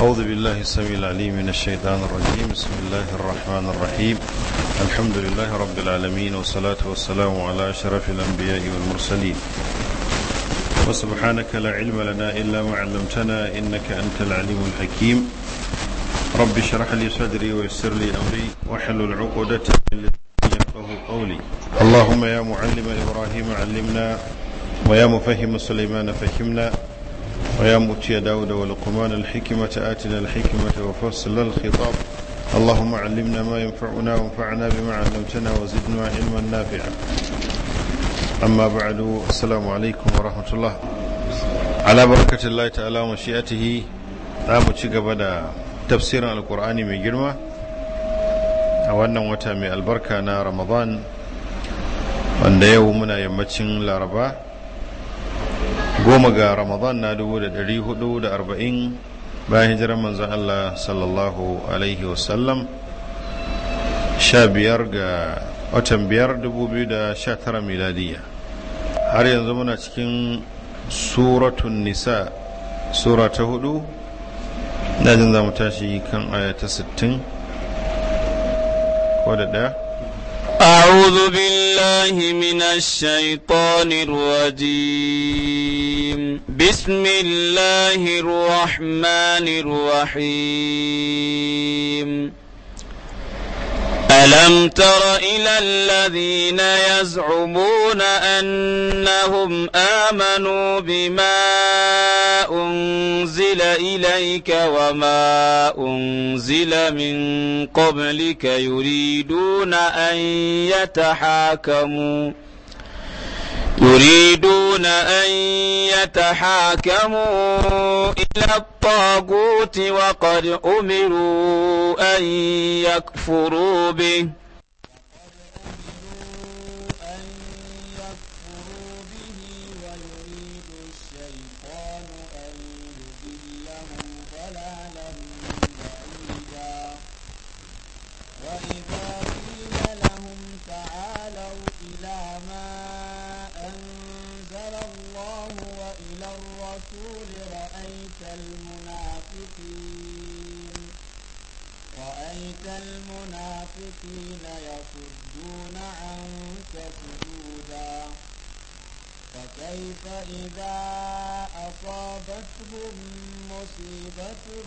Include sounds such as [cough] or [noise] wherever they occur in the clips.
أعوذ بالله السميع العليم من الشيطان الرجيم بسم الله الرحمن الرحيم الحمد لله رب العالمين والصلاة والسلام على أشرف الأنبياء والمرسلين وسبحانك لا علم لنا إلا ما علمتنا إنك أنت العليم الحكيم رب اشرح لي صدري ويسر لي أمري وحل العقدة من يفقه قولي اللهم يا معلم إبراهيم علمنا ويا مفهم سليمان فهمنا ويا مؤتي داود ولقمان الحكمة آتنا الحكمة وفصل الخطاب اللهم علمنا ما ينفعنا وانفعنا بما علمتنا وزدنا علما نافعا أما بعد السلام عليكم ورحمة الله على بركة الله تعالى ومشيئته عام تشيقب تفسير القرآن من جرمه أولا وتامي البركة رمضان wanda yau muna yammacin laraba goma ga ramadan na dubu da dari hudu da arba'in bayan hijirar manzan Allah sallallahu alaihi wasallam sha biyar ga watan biyar dubu biyu da sha tara miladiya har yanzu muna cikin suratun nisa sura ta hudu jin za mu tashi kan aya ta sittin ko da ɗaya أعوذ بالله من الشيطان الرجيم بسم الله الرحمن الرحيم ألم تر إلى الذين يزعمون أنهم آمنوا بما أنزل إليك وما أنزل من قبلك يريدون أن يتحاكموا يريدون أن يتحاكموا إلى الطاغوت وقد أمروا أن يكفروا به رأيت المنافقين يصدون عنك سجودا فكيف إذا أصابتهم مصيبة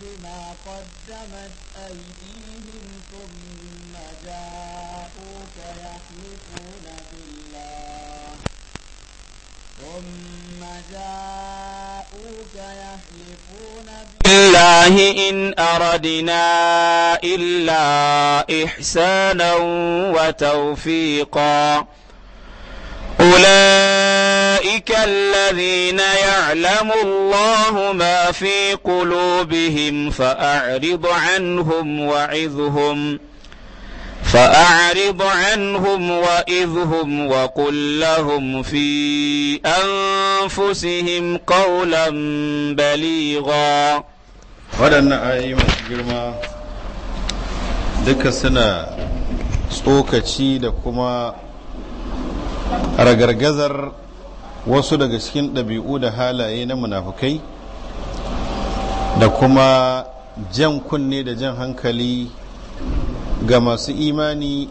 بما قدمت أيديهم ثم جاءوك يحلفون بالله ثم جاءوك يحلفون بالله إن أردنا إلا إحسانا وتوفيقا أولئك الذين يعلم الله ما في قلوبهم فأعرض عنهم وعظهم فأعرض عنهم وإذهم وقل لهم في أنفسهم قولا بليغا waɗannan ayoyi masu girma duka suna tsokaci da kuma ragargazar wasu daga cikin ɗabi'u da halaye na munafukai da kuma jan kunne da jan hankali ga masu imani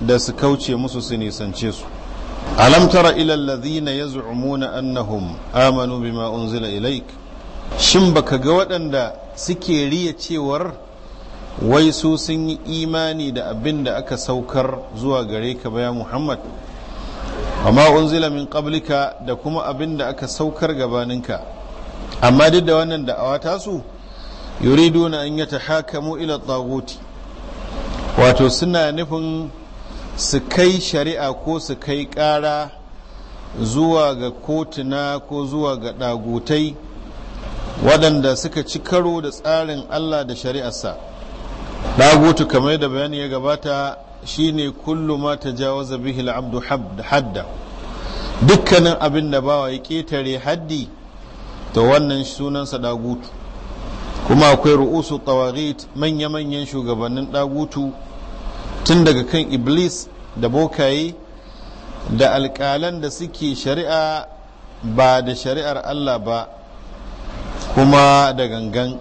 da su kauce musu su nisance su alam tara ila alladhina yaz'umuna annahum amanu bima unzila ilaik shin baka ga waɗanda suke riya cewar wai su sun yi imani da abin da aka saukar zuwa gare ka baya muhammad amma unzila min qablika da kuma abin da aka saukar gabaninka amma duk da wannan da'awa tasu yuriduna an yatahakamu ila taguti wato suna nufin su kai shari'a ko su kai ƙara zuwa ga kotuna ko zuwa ga ɗagotai, waɗanda suka ci karo da tsarin allah da shari'arsa dagutu kamar da bayani ya gabata shine kullu ma ta jawaza bihi abdu hadda dukkanin abin da bawa ya ƙetare haddi ta wannan sunansa dagutu kuma akwai ru'usu tawagit manya-manyan shugabannin ɗagutu tun daga kan iblis da bokaye da alƙalan da suke shari'a ba da shari'ar allah ba kuma da gangan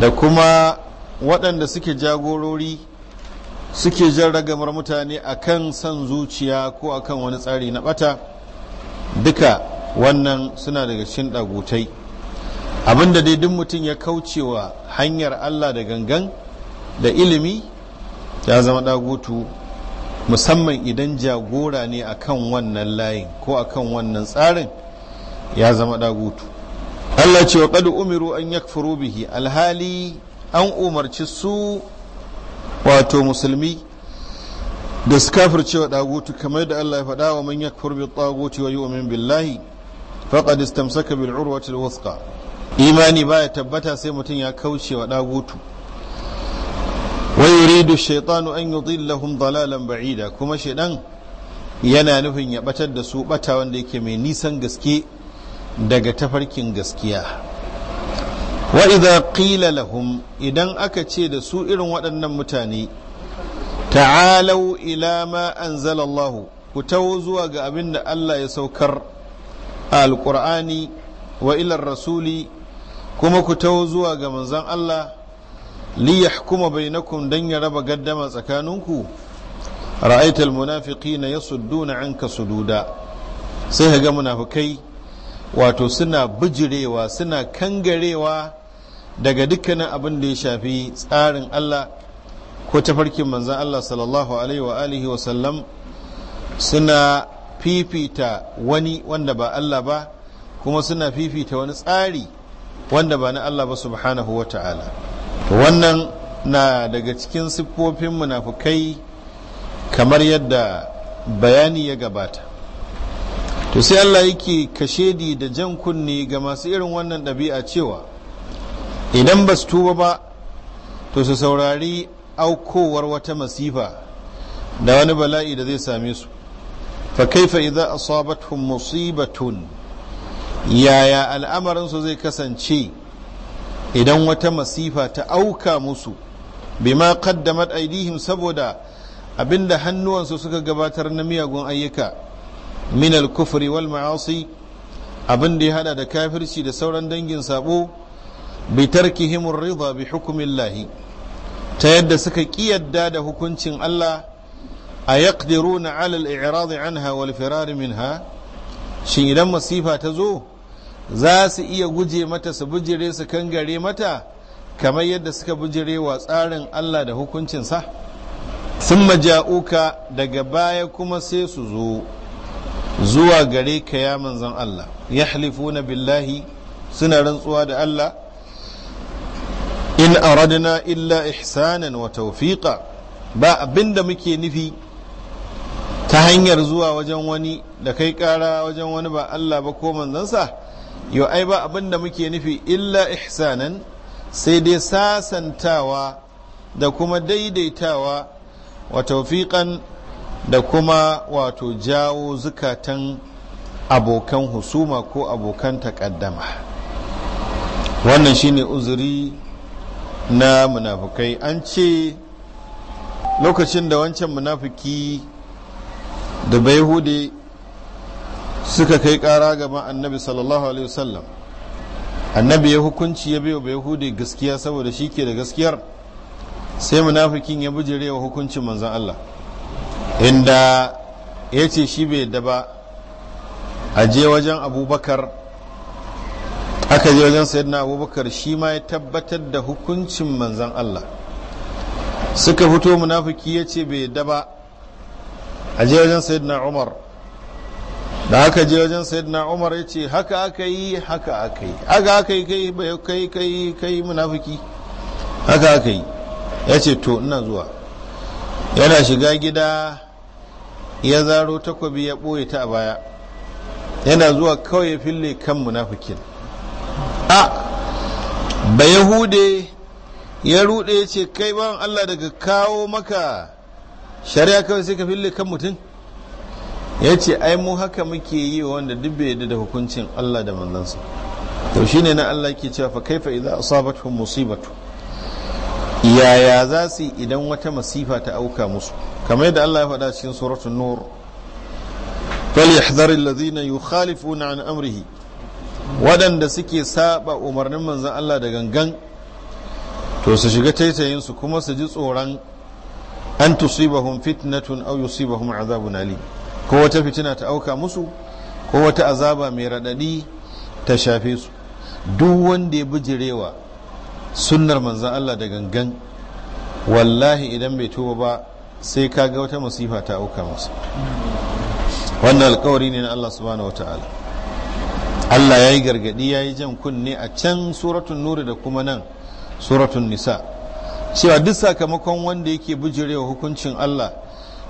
da kuma waɗanda suke jagorori suke jan ragamar mutane a kan son zuciya ko a kan wani tsari na ɓata duka wannan suna daga cikin ɗagutai abinda dai duk mutum ya kaucewa hanyar Allah da gangan da ilimi ya zama dagutu musamman idan jagora ne akan wannan layin ko akan wannan tsarin ya zama dagutu Allah ce wa kadu umiru an yakfuru bihi alhali an umarci su wato musulmi da su kafircewa dagutu kamar da Allah ya faɗa wa man yakfur bi tsagoci wa min, billahi faqad istamsaka bil urwati al imani baya tabbata sai mutum ya kauce wa dagutu wa yuridu shaitanu an yudillahum dalalan ba'ida kuma shaidan yana nufin ya batar da su bata wanda yake mai nisan gaske daga tafarkin gaskiya wa idza qila lahum idan aka ce da su irin waɗannan mutane ta'alau ila ma anzalallahu ku taho zuwa ga abin da Allah ya saukar alqur'ani wa ilar rasuli kuma ku taho zuwa ga manzan Allah li yahkuma bainakum dan ya raba gaddama tsakaninku ra'aital munafiqina yasudduna anka sududa sai ga munafikai wato suna bijirewa suna kangarewa daga dukkanin abin da ya shafi tsarin Allah ko tafarkin manzan Allah sallallahu alaihi wa alihi wa sallam suna fifita wani wanda ba Allah ba kuma suna fifita wani tsari wanda ba na Allah ba subhanahu wa ta'ala wannan na daga cikin siffofin munafukai kamar yadda bayani ya gabata to sai Allah yake di da jan kunne ga masu irin wannan ɗabi'a cewa idan ba su tuba ba to su saurari aukowar wata masifa da wani bala'i da zai same su fa kaifa idza asabatuhum musibatun yaya al'amarinsu zai kasance idan wata masifa ta auka musu bima qaddamat aidihim saboda abinda hannuwansu suka gabatar na miyagun ayyuka min al-kufri wal ma'asi abinda ya hada da kafirci da sauran dangin sabo bi tarkihim ar-ridha bi hukmillahi ta yadda suka kiyarda da hukuncin Allah a yaqdiruna ala al-i'rad anha wal firar minha shin idan masifa ta zo za su iya guje mata su bujire su kangare mata kamar yadda suka bujire wa tsarin Allah da hukuncinsa sun maja'uka daga baya kuma sai su zo zuwa gare ka ya manzan Allah ya halifuna billahi suna rantsuwa da Allah in aradna illa ihsanan wa taufiqa ba abinda muke nufi ta hanyar zuwa wajen wani da kai kara wajen wani ba Allah ba ko manzansa yau ai ba abin muke nufi illa ihsanan sai dai sasantawa da kuma daidaitawa wa taufiƙan da kuma wato jawo zukatan abokan husuma ko abokan takaddama wannan shine uzuri na munafukai an ce lokacin da wancan munafuki da bai hude suka kai kara gaban annabi sallallahu alaihi wasallam annabi ya hukunci ya biyo bai hude gaskiya saboda shi ke da gaskiyar sai munafikin ya bujirewa hukuncin manzan Allah inda ya ce shi bai da ba a je wajen abubakar aka je wajen sayyidina abubakar shi ma ya tabbatar da hukuncin manzan Allah suka fito munafiki ya ce bai da ba a je wajen sayyidina umar da aka je wajen saidina umar ya ce haka aka yi haka aka yi haka aka yi kai bai kai kai kai munafiki haka aka yi ya ce to ina zuwa yana shiga gida ya zaro takobi ya ɓoye ta a baya yana zuwa kawai ya fille kan munafikin a ba yahude ya rude ya ce kai ban allah daga kawo maka shari'a kawai sai ka fille kan mutum ya ce ai mu haka muke yi wanda duk bai yadda da hukuncin Allah da manzansa to shine na Allah ke cewa fa kaifa idza asabatuhum musibatu yaya za su idan wata masifa ta auka musu kamar yadda Allah ya faɗa cikin suratul nur فليحذر الذين yukhalifuna an amrihi waɗanda suke saba umarnin manzan Allah da gangan to su shiga taitayin su kuma su ji tsoron an tusibahum fitnatun aw yusibahum azabun alim ko wata fitina ta auka musu ko wata azaba mai raɗaɗi ta shafe su duk wanda ya bijirewa sunnar manzan Allah da gangan wallahi idan bai tuba ba sai ka ga wata masifa ta auka musu. wannan alkawari ne na Allah subhanahu wata'ala Allah ya yi gargaɗi ya yi jan kunne a can suratun nuri da kuma nan suratun nisa cewa duk sakamakon wanda yake bijirewa hukuncin Allah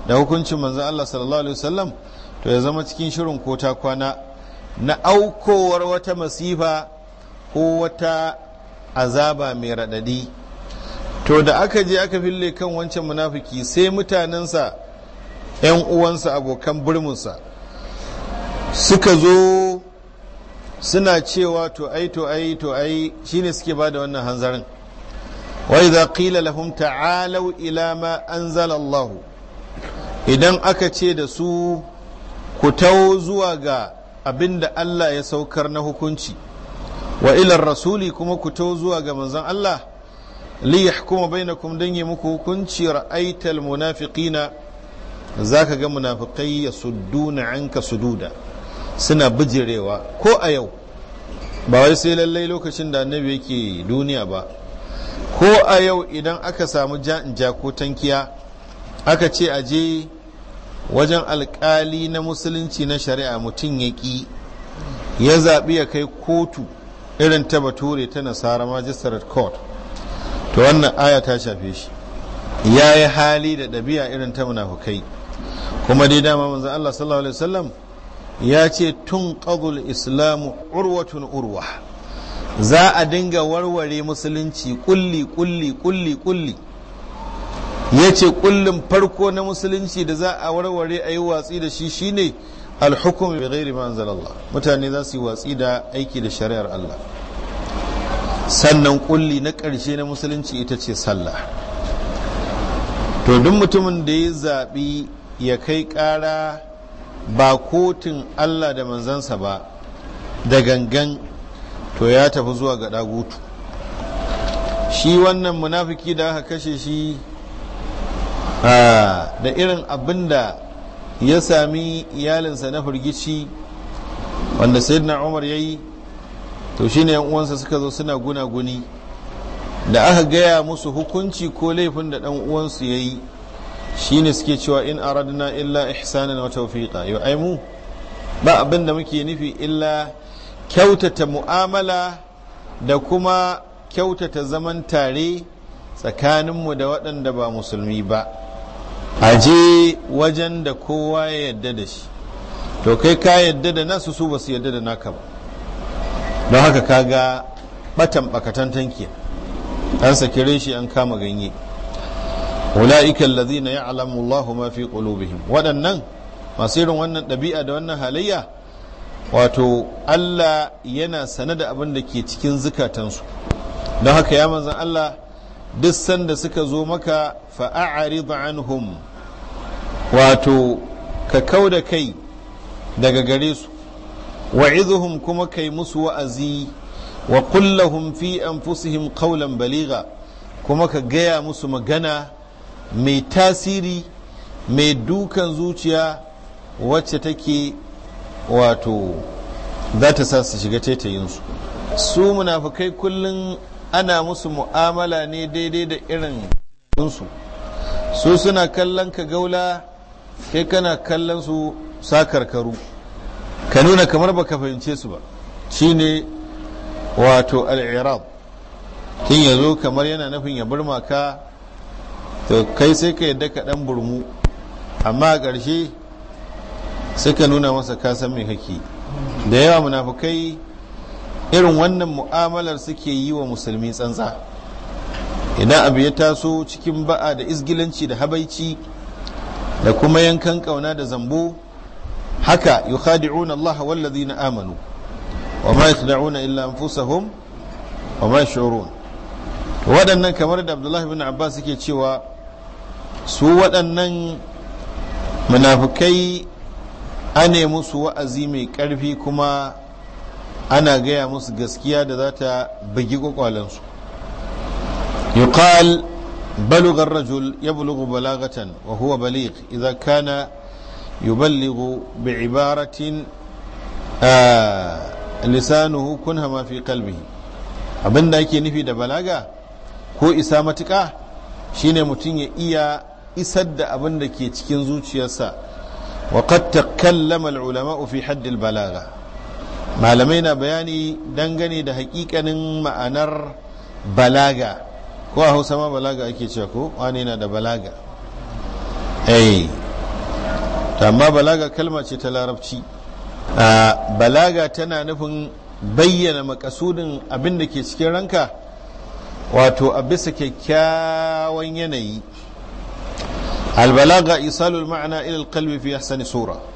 da hukuncin manzan Allah sallallahu alaihi wasallam to ya zama cikin shirin ko ta kwana na aukowar wata masifa ko wata azaba mai raɗaɗi to da aka je aka fille kan wancan munafiki sai mutanensa 'yan uwansa abokan birminsa suka zo suna cewa to ai to ai to ai shine suke ba da wannan hanzarin wa idza qila lahum ta'alau ila ma anzala Allahu idan aka ce da su ku tawo zuwa ga abin da Allah ya saukar na hukunci wa ilar rasuli kuma ku tawo zuwa ga manzon Allah li yahkuma bainakum dan yi muku hukunci ra'aital munafiqina zaka ga munafiqai yasudduna anka sududa suna bijirewa ko a yau ba wai sai lallai lokacin da annabi yake duniya ba ko a yau idan aka samu ja'in ja ko aka ce a je wajen alkali na musulunci na shari'a mutum ya ƙi ya zaɓi ya kai kotu irin ta bature ta nasara magistrate court to wannan aya ta shafe shi ya yi hali da ɗabi'a irin ta munafukai kuma dai dama manzan Allah sallallahu alaihi wasallam ya ce tun ƙazul islamu urwatun urwa za a dinga warware musulunci kulli kulli kulli kulli ya ce kullum farko na musulunci da za a warware a yi watsi da shi shine alhukum bi ghairi ma anzalallah mutane za su yi watsi da aiki da shari'ar Allah sannan kulli na ƙarshe na musulunci ita ce sallah to duk mutumin da ya zaɓi ya kai ƙara ba kotun Allah da manzansa ba da gangan to ya tafi zuwa ga ɗagutu shi wannan munafiki da aka kashe shi Ah. da irin abin da ya sami iyalinsa na firgici wanda na umar ya yi to shine yan uwansa suka zo suna gunaguni da aka gaya musu hukunci ko laifin da dan uwansu ya yi shine suke cewa in aradna illa ihsanan wa tawfiqa yau ai mu ba abin da muke nufi illa kyautata mu'amala da kuma kyautata zaman tare tsakaninmu da waɗanda ba musulmi ba a je wajen da kowa ya yadda da shi to kai ka yadda da nasu su ba su yadda da naka ba don haka kaga batan bakatan tanki an saki shi an kama ganye ula'ikan lazina ya alamu Allah ma fi qulubihim waɗannan masu irin wannan ɗabi'a da wannan halayya wato Allah yana sane da abin da ke cikin zukatansu don haka ya manzan Allah duk sanda suka zo maka fa'a'arid anhum wato ka kau da kai daga gare su wa'izuhum kuma kai musu wa'azi wa kullahum fi anfusihim qawlan baliga kuma ka gaya musu magana mai tasiri mai dukan zuciya wacce take wato za ta sa su shiga taitayinsu su munafukai kullum ana musu mu'amala ne daidai da irin su su suna kallon ka gaula kai kana kallon su sakarkaru ka nuna kamar baka fahimce su ba shine wato al'irab tun ya zo kamar yana nufin ya burma ka to kai sai ka yadda ka dan burmu amma a ƙarshe sai ka nuna masa kasan mai haki da yawa munafukai irin wannan mu'amalar suke yi wa musulmi tsantsa idan abu ya taso cikin ba'a da izgilanci da habaici da kuma yankan kauna da zambu haka yukhadi'una Allah na amanu wa ma yakhda'una illa anfusahum wa ma yash'urun waɗannan kamar da Abdullahi bin Abbas suke cewa su waɗannan munafukai ane musu wa'azi mai ƙarfi kuma ana gaya musu gaskiya da za ta bugi kwakwalensu yuqal balugha الرجل يبلغ balagatan وهو بليغ إذا كان يبلغ بعبارة آه لسانه كنها ما في fi abin abinda ake nufi da balaga ko isa matuka shine mutum ya iya isar da abinda ke cikin zuciyarsa wa qad takallama al-ulama fi al balaga malamai na bayani dangane da hakikanin ma'anar balaga ko a hausa ma balaga ake cewa ko wani na da balaga eh amma balaga kalma ce ta larabci balaga tana nufin bayyana makasudin abin da ke cikin ranka wato a bisa kyakkyawan yanayi albalaga isalul ma'ana ilal kalbi fi ahsani sura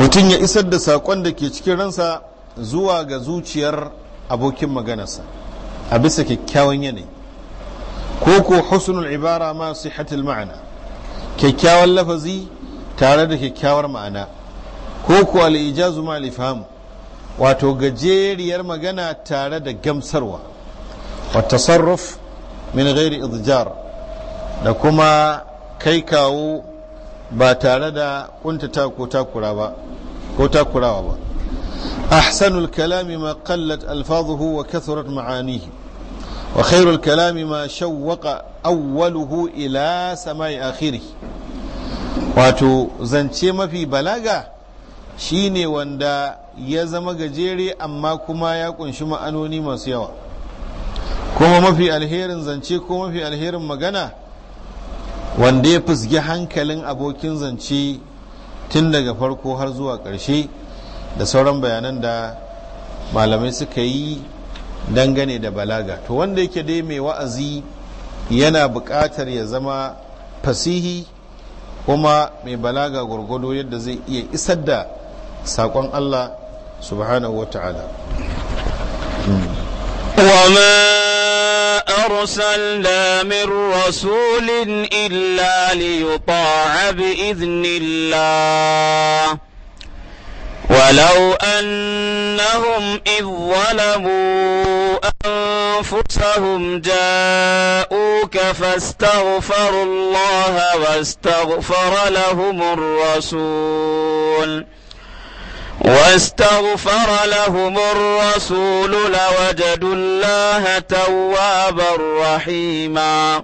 mutum ya isar da saƙon da ke cikin ransa zuwa ga zuciyar abokin maganarsa a bisa kyakkyawan yanayi ko ko husnul ibara ma hatil ma'ana kyakkyawan lafazi tare da kyakkyawar ma'ana ko ko al-ijazu ma al wato gajeriyar magana tare da gamsarwa wa tasarruf min ghairi idjar da kuma kai kawo ba tare da kuntata ko takura ba ko takurawa ba ahsanul kalami ma qallat alfazuhu wa kathurat ma'anihi wa khairul kalami ma shawwaqa awwaluhu ila sama'i wato zance mafi balaga shine wanda ya zama gajere amma kuma ya kunshi ma'anoni masu yawa kuma mafi alherin zance ko mafi alherin magana wanda ya fusgi hankalin abokin zance tun daga farko har zuwa ƙarshe da sauran bayanan da malamai suka yi dangane da balaga to wanda yake dai mai wa'azi yana buƙatar ya zama fasihi kuma mai balaga gwargwado yadda zai iya isar da saƙon Allah subhanahu wa ta'ala. أرسلنا من رسول إلا ليطاع بإذن الله ولو أنهم إذ ظلموا أنفسهم جاءوك فاستغفروا الله واستغفر لهم الرسول واستغفر لهم الرسول لوجدوا الله توابا رحيما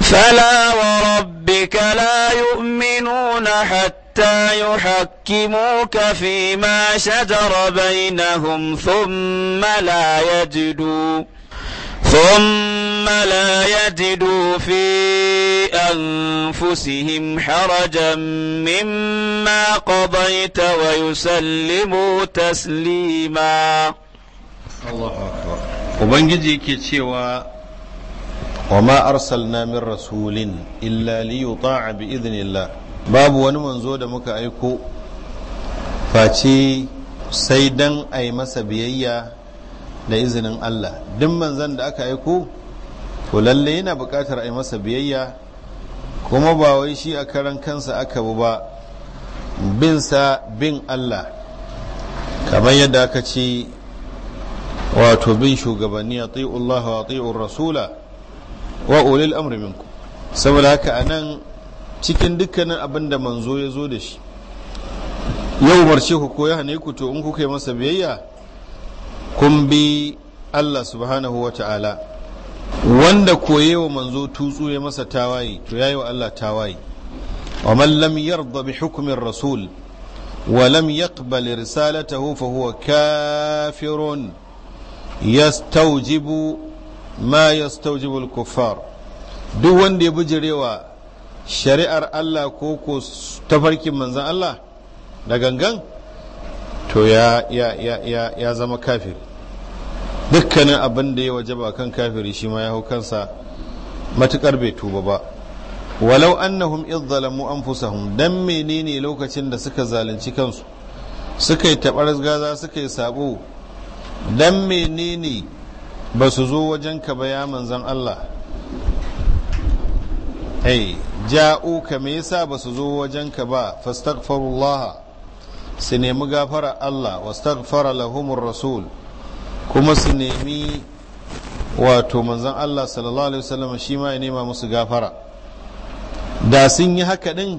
فلا وربك لا يؤمنون حتى يحكموك فيما شجر بينهم ثم لا يجدوا ثم لا يجدوا في أنفسهم حرجا مما قضيت ويسلموا تسليما الله أكبر وبنجي كتشيوا وما أرسلنا من رسول إلا ليطاع بإذن الله باب ونمن زود مكا أيكو فاتي سيدا أي مسا بيئيا da izinin Allah duk manzan da aka aiko to lalle yana buƙatar a yi masa biyayya kuma ba wai shi a karan kansa aka bu ba bin sa bin Allah kamar yadda aka ce wato bin shugabanni a Allah wa tsi'ur rasula wa ulil amri minku saboda haka a nan cikin dukkanin abin da manzo ya zo da shi yau ku koya ya hane ku to in kuka yi masa biyayya kun bi Allah subhanahu wa ta'ala wanda koye wa manzo tutsu ya masa tawaye to yi wa Allah tawaye wa man lam yarda bi hukumin rasul wa lam yaqbal risalatahu fa huwa kafirun yastawjibu ma yastawjibu al-kuffar duk wanda ya bijirewa shari'ar Allah ko ko tafarkin manzon Allah da gangan to ya zama kafiri dukkanin abin da ya waje ba kan kafiri shi ma ya hau kansa matukar bai tuba ba walau annahum idh zalamu anfusahum dan menene lokacin da suka zalunci kansu suka yi tabar gaza suka yi sabo dan menene ba su zo wajen ka ba ya manzon Allah ja'u ja'uka me yasa ba su zo wajen ka ba fastaghfirullah su nemi gafara Allah wastaghfara lahumur rasul kuma su nemi wato manzan Allah sallallahu alaihi wasallam shi ma ya nema musu gafara da sun yi haka din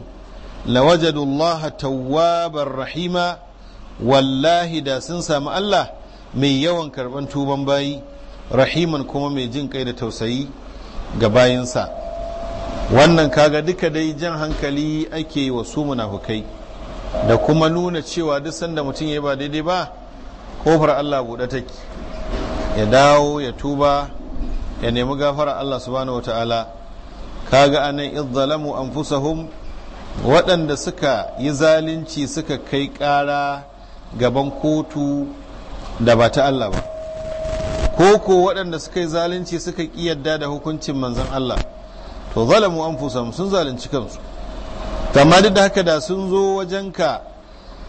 lawajadu Allah tawwabar rahima wallahi da sun samu Allah mai yawan karban tuban bayi rahiman kuma mai jin kai da tausayi ga bayinsa wannan kaga duka dai jan hankali ake wa su munafukai da kuma nuna cewa duk sanda mutum ya ba daidai ba kofar Allah buɗe take ya dawo ya tuba ya nemi gafara Allah subhanahu wata'ala kaga anan izzalamu anfusahum waɗanda suka yi zalunci suka kai ƙara gaban kotu da ba ta Allah ba ko ko waɗanda suka yi zalunci suka ƙi yadda da hukuncin manzon Allah to zalamu anfusahum sun zalunci kansu amma duk da haka da sun zo wajen ka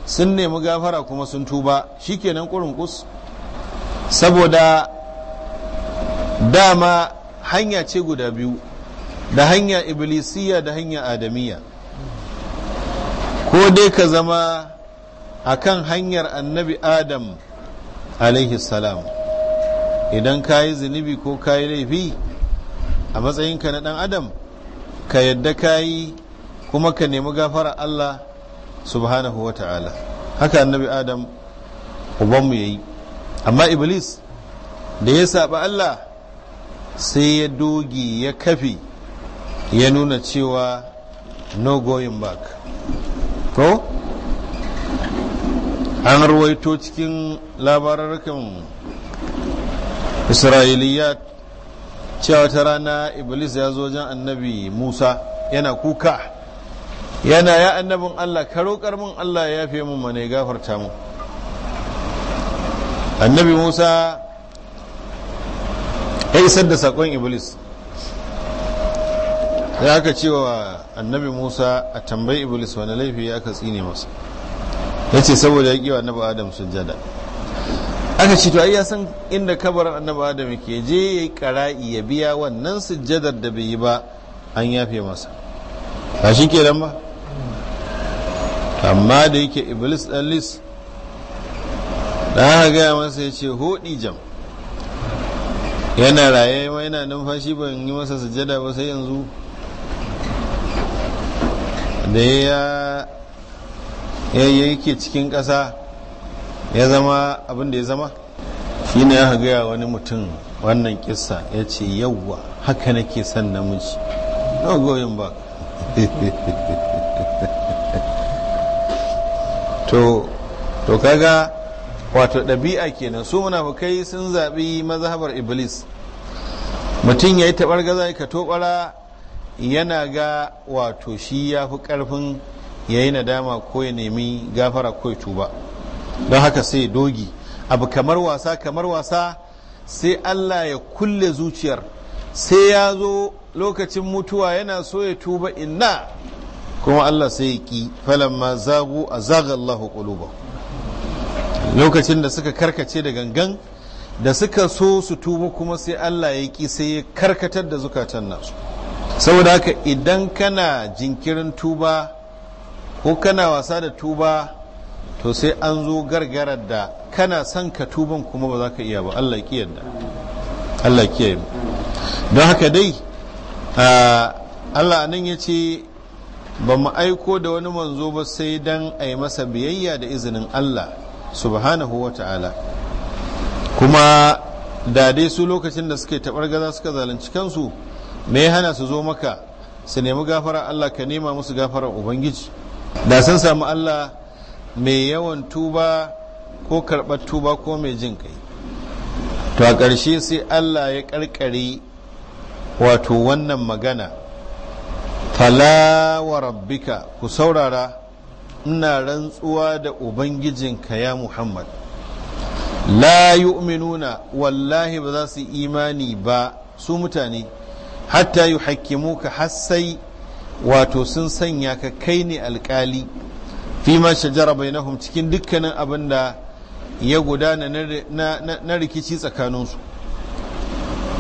sun nemi gafara kuma sun tuba shikenan kurin kus saboda dama hanya ce guda biyu da hanya iblisiya da hanya adamiya ko dai ka zama a kan hanyar annabi adam alaihi salam idan ka yi zunubi ko ka yi laifi a matsayinka na dan adam ka yadda ka yi kuma ka nemi gafara Allah subhanahu wa ta'ala haka annabi adam ubanmu ya yi amma iblis da ya saba Allah sai ya dogi ya kafi ya nuna cewa no going back ko an ruwaito cikin labararkan isra'iliyat cewa ta rana iblis ya zo wajen annabi musa yana kuka yana ya annabin Allah karo karmin mun Allah ya yafe mun mana ya gafarta mu annabi Musa ya isar da sakon iblis ya aka cewa annabi Musa a tambayi iblis wani laifi ya ka tsine masa ya ce saboda ya kiwa annabi Adam sujjada aka ce to ai ya san inda kabarin annabi Adam yake je yi kara'i ya biya wannan sujjadar da bai yi ba an yafe masa ba shi ke ba amma da yake iblis ɗan lis da gaya masa ya ce hudi jam yana raye yana numfashi ban yi masa sujada ba sai yanzu da ya yake cikin ƙasa ya zama abin da ya zama shi ne ya gaya wani mutum wannan kisa ya ce yauwa haka nake son namiji goyon ba [laughs] to to kaga wato ɗabi'a kenan su munafukai sun zaɓi mazhabar iblis mutum ya yi taɓar gaza ka toɓara yana ga wato shi ya fi ƙarfin ya yi nadama ko ya nemi gafara ko ya tuba don haka sai dogi abu kamar wasa kamar wasa sai allah ya kulle zuciyar sai ya zo lokacin mutuwa yana so ya tuba inna kuma Allah sai ya ki falamma zagu a zagallahu kuluba lokacin da suka karkace da gangan da suka so su tuba kuma sai Allah ya ki sai ya karkatar da zukatan nasu saboda haka idan kana jinkirin tuba ko kana wasa da tuba to sai an zo gargarar da kana son ka tuban kuma ba za ka iya ba Allah ki yadda Allah ki don haka dai ah, Allah nan ya ce ba mu aiko da wani manzo ba sai dan a yi masa biyayya da izinin Allah subhanahu wa ta'ala kuma da dai su lokacin da suke taɓar gaza suka zalunci kansu me ya hana su zo maka su nemi gafara Allah ka nema musu gafara ubangiji da sun samu Allah mai yawan tuba ko karɓar tuba ko mai jin kai to a ƙarshe sai Allah ya ƙarƙari wato wannan magana fala wa rabbika ku saurara ina rantsuwa da ubangijinka ya muhammad la yu'minuna wallahi ba za su imani ba su mutane hatta yi hakimu ka hassai wato sun sanya ka kai ne alkali fi ma shajara bainahum cikin dukkanin abin da ya gudana na rikici tsakaninsu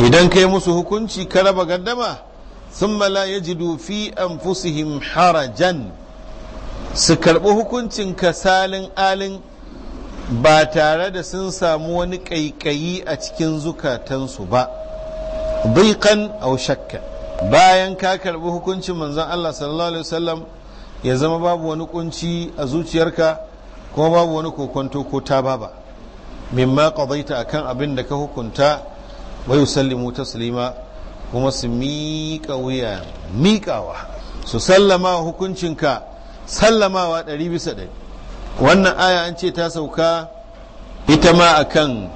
idan kai musu hukunci ka raba gandama. thumma la yajidu fi anfusihim harajan su karɓi hukuncin kasalin alin ba tare da sun samu wani ƙaiƙayi a cikin zukatansu ba dhiqan au shakka bayan ka karɓi hukuncin manzon Allah sallallahu alaihi wasallam ya zama babu wani kunci a zuciyarka kuma babu wani kokonto ko ta baba mimma a kan abin da ka hukunta wa yusallimu taslima kuma su miƙa wuya miƙawa su sallama hukuncinka sallamawa ɗari bisa ɗari wannan aya an ce ta sauka ita ma a kan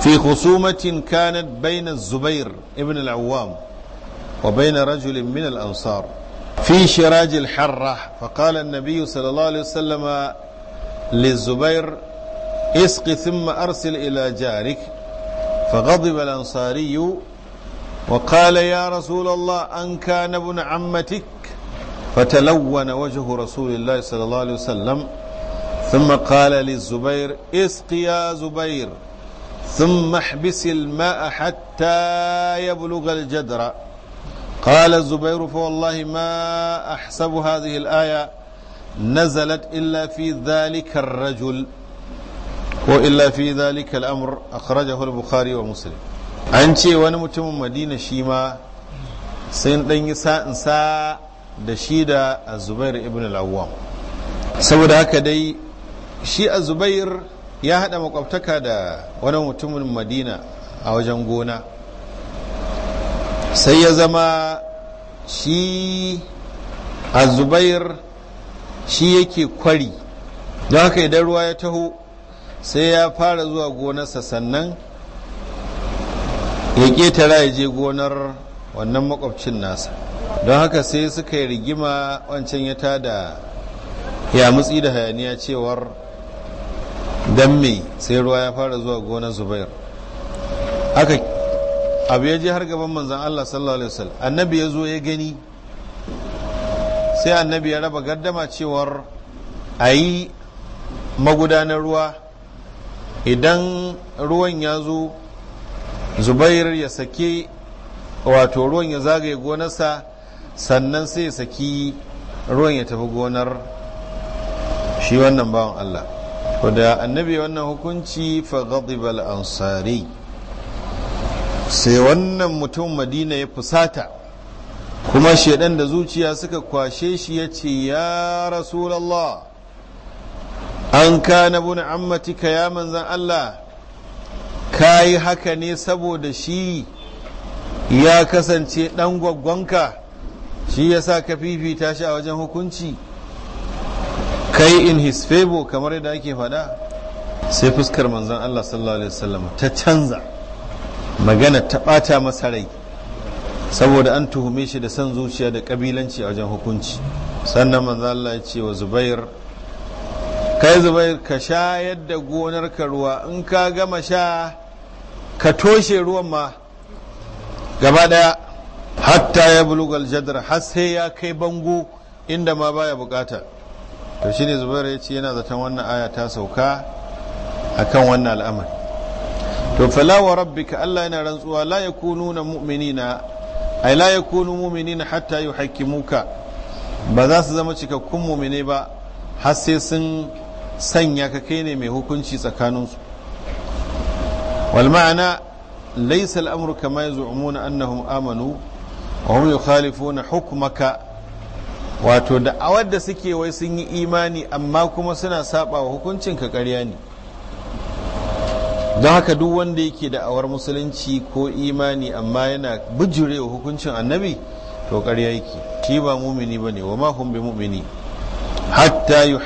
fi husumatin kanat baina zubair ibn al-awwam wa baina rajulin min ansar fi shirajil harra faƙalar nabiyu sallallahu alaihi wasallama lizubair اسق ثم أرسل ila jarik. فغضب الأنصاري وقال يا رسول الله أن كان ابن عمتك فتلون وجه رسول الله صلى الله عليه وسلم ثم قال للزبير اسق يا زبير ثم احبس الماء حتى يبلغ الجدر قال الزبير فوالله ما أحسب هذه الآية نزلت إلا في ذلك الرجل وإلا في ذلك الأمر أخرجه البخاري ومسلم an ce wani mutumin madina shi ma sun ɗan yi sa'insa da shi da azubair ibn al'awwam saboda haka dai shi azubair ya haɗa makwabtaka da wani mutumin madina a wajen gona sai ya zama shi azubair shi yake kwari don haka idan ruwa ya taho sai ya fara zuwa gonarsa sannan ya ƙetara ya je gonar wannan makwabcin nasa don haka sai suka yi rigima wancan ya tada ya mutsi da hayaniya cewar don mai sai ruwa ya fara zuwa gonar zubair aka abu ya je har gaban manzan allah sallallahu alaihi wasallam annabi ya zo ya gani sai annabi ya raba gardama cewar a yi magudanar ruwa idan ruwan ya zo zubair ya saki wato ruwan ya zagaye gonarsa sannan sai ya saki ruwan ya tafi gonar shi wannan bawan Allah da annabi wannan hukunci fa ghadibal ansari sai wannan mutum madina ya fusata kuma shaidan da zuciya suka kwashe shi ya ce ya rasulallah an kana bin ammatika ya manzan Allah ka yi haka ne saboda shi ya kasance ɗan gwaggonka, shi ya sa ka fifita shi a wajen hukunci kai in his favor kamar yadda ake faɗa sai fuskar manzan Allah sallallahu alaihi wasallam ta canza magana ta ɓata masarai saboda an tuhume shi da son zuciya da ƙabilanci a wajen hukunci sannan manzan Allah ya ce wa Zubair kai Zubair ka sha yadda gonar ka ruwa in ka gama sha ka toshe ruwan ma gaba daya hatta ya bulugal jadar har sai ya kai bango inda ma baya bukata to shine zubair ya ce yana zaton wannan aya ta sauka akan wannan al'amari to fala wa rabbika Allah yana rantsuwa la yakununa mu'minina ay la yakunu mu'minina hatta yuhaqqimuka ba za su zama cikakkun mu'mine ba har sai sun sanya ka kai ne mai hukunci tsakaninsu والمعنى ليس الأمر كما يزعمون أنهم آمنوا وهم يخالفون حكمك wato da'awar da suke wai sun yi imani amma kuma suna saba wa hukuncinka ƙarya ne don haka duk wanda yake da awar musulunci ko imani amma yana bujure wa hukuncin annabi to ƙarya yake shi ba mumini ba ne wa ma hum bi mumini hatta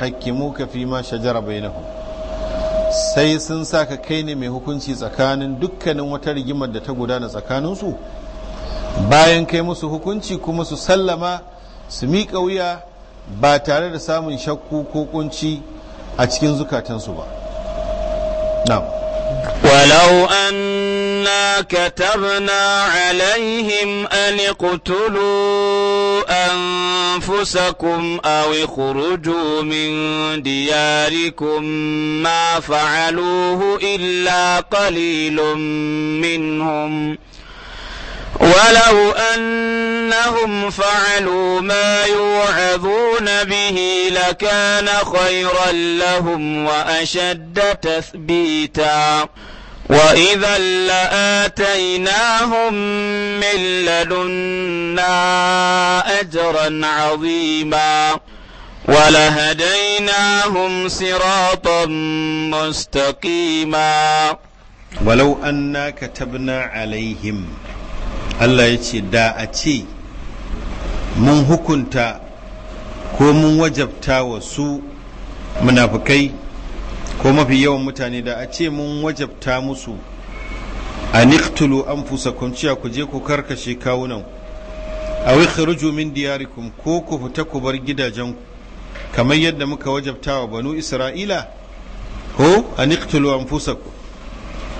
ka fi ma shajara bainahum sai sun sa ka kai ne mai hukunci tsakanin dukkanin wata rigimar da ta gudana tsakaninsu bayan kai musu hukunci kuma su sallama su miƙa wuya ba tare da samun shakku ko kunci a cikin zukatansu ba. na an إنا كتبنا عليهم أن اقتلوا أنفسكم أو اخرجوا من دياركم ما فعلوه إلا قليل منهم ولو أنهم فعلوا ما يوعظون به لكان خيرا لهم وأشد تثبيتا وإذا لآتيناهم من لدنا أجرا عظيما ولهديناهم صراطا مستقيما ولو أنا كتبنا عليهم Allah ya ce da a ce mun hukunta ko mun wajabta wa su munafukai ko mafi yawan mutane da a ce mun wajabta musu a niktulu an fusa kwanciya ku je ku karkashe kawunan a wikhruju min diyarikum ko ku fita ku bar gidajenku kamar yadda muka wajabta wa banu isra'ila ko a niktulu an fusa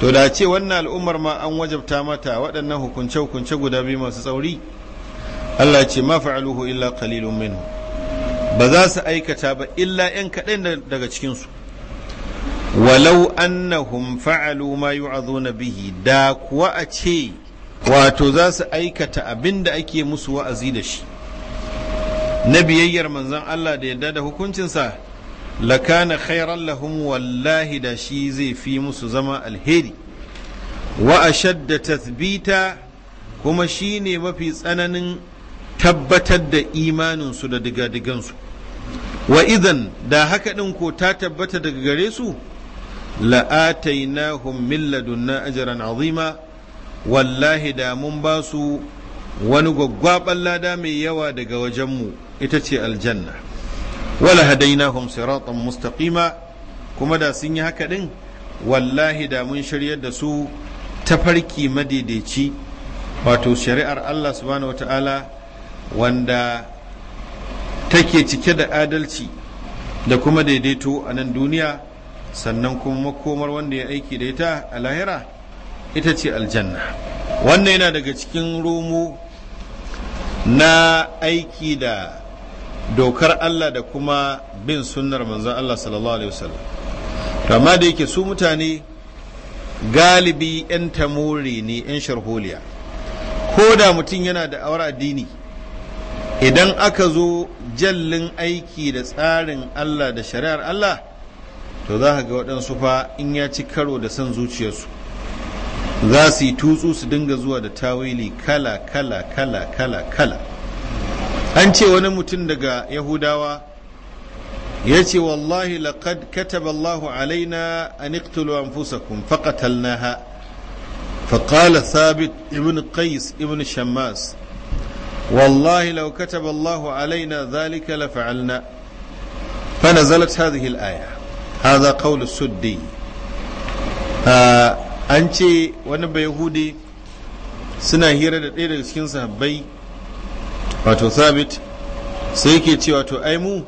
to da ce wannan al'ummar ma an wajabta mata waɗannan hukunce-hukunce guda biyu masu tsauri Allah ce ma fa'aluhu illa qalilun minhu ba za su aikata ba illa 'yan kaɗai daga cikinsu walau annahum fa'alu ma yu'azuna bihi da kuwa a ce wato za su aikata abin da ake musu wa'azi da shi na biyayyar manzon Allah da yadda da hukuncinsa lakana khairan lahum wallahi da shi zai fi musu zama alheri wa ashadda tathbita kuma shi ne mafi tsananin tabbatar da imaninsu da digadigansu wa idan da haka ɗin ko ta tabbata daga gare la'atainahum min ladunna ajran azima wallahi da mun ba su wani gwaggwaban lada mai yawa daga wajenmu ita ce aljanna wala hadainahum siratan mustaqima kuma da sun yi haka din wallahi da mun shiryar da su tafarki madaidaici wato shari'ar Allah subhanahu wata'ala wanda take cike da adalci da kuma daidaito a nan duniya sannan kuma makomar wanda ya aiki da ita a lahira ita ce aljanna wannan yana daga cikin romo na aiki da dokar Allah da kuma bin sunnar manzon Allah sallallahu alaihi wasallam amma da yake su mutane galibi 'yan tamuri ne 'yan sharholiya ko da mutum yana da awar addini idan aka zo jallin aiki da tsarin Allah da shari'ar Allah to za ka ga waɗansu fa in ya ci karo da son zuciyarsu za su yi tutsu su dinga zuwa da tawili kala kala kala kala kala an ce wani mutum daga yahudawa ya ce wallahi laqad kataba Allahu alaina an iqtulu anfusakum faqatalnaha فقال ثابت ابن قيس ابن شماس والله لو كتب الله علينا ذلك لفعلنا فنزلت هذه الايه haza qawlu suddi an ce wani bai yahudi suna hira da ɗaya daga cikin sahabbai wato sabit sai ke ce wato Aimu. mu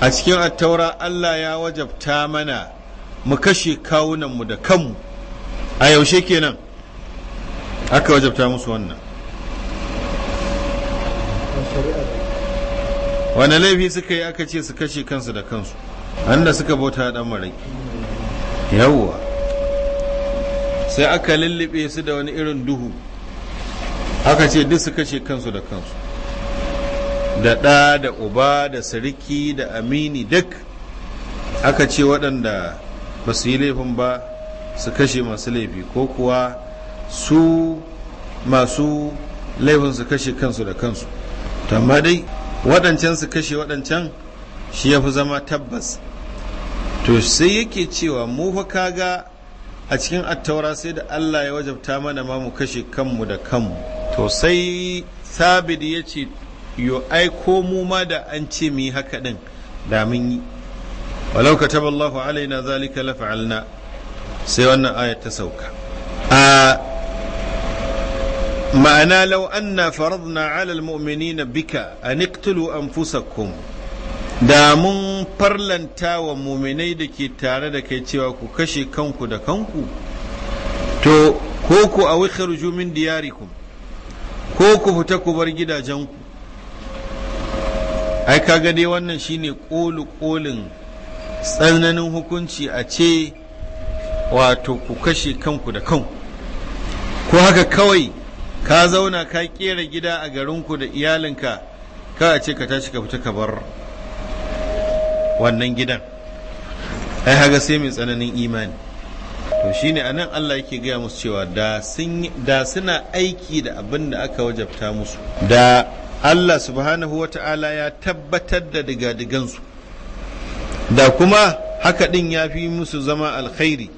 a cikin attaura Allah ya wajabta mana mu kashe kawunanmu da kanmu a yaushe kenan aka wajabta musu wannan wane laifi suka yi aka ce su kashe kansu da kansu anda suka bauta dan maraki yawwa sai aka lullube su da wani irin duhu aka ce duk su kashe kansu da kansu da ɗa da uba da sarki da amini duk aka ce waɗanda ba su yi laifin ba su kashe masu laifi ko kuwa su masu laifin su kashe kansu da kansu tamma dai waɗancan su kashe waɗancan shi ya fi zama tabbas to sai yake cewa mu fa kaga a cikin attaura sai da Allah ya wajabta mana ma mu kashe kanmu da kanmu to sai sabid ya ce yo aiko muma mu ma da an ce mu yi haka din da mun yi walau kataba Allahu alaina zalika la fa'alna sai wannan aya ta sauka a ma'ana law anna faradna ala almu'minina bika an iqtulu anfusakum da mun farlanta wa muminai da ke tare da kai cewa ku kashe kanku da kanku to ko ku a wikar jumin diyarikum ko ku fita ku bar gidajenku ai ka dai wannan shine ne kolin tsananin hukunci a ce wato ku kashe kanku da kanku ko haka kawai ka zauna ka kera gida a garinku da iyalinka ka a ce ka tashi ka fita ka bar wannan gidan ai haga sai mai tsananin imani to shine anan Allah yake gaya musu cewa da suna aiki da abin da aka wajabta musu da Allah subhanahu wa ya tabbatar da su da kuma haka din ya fi musu zama alkhairi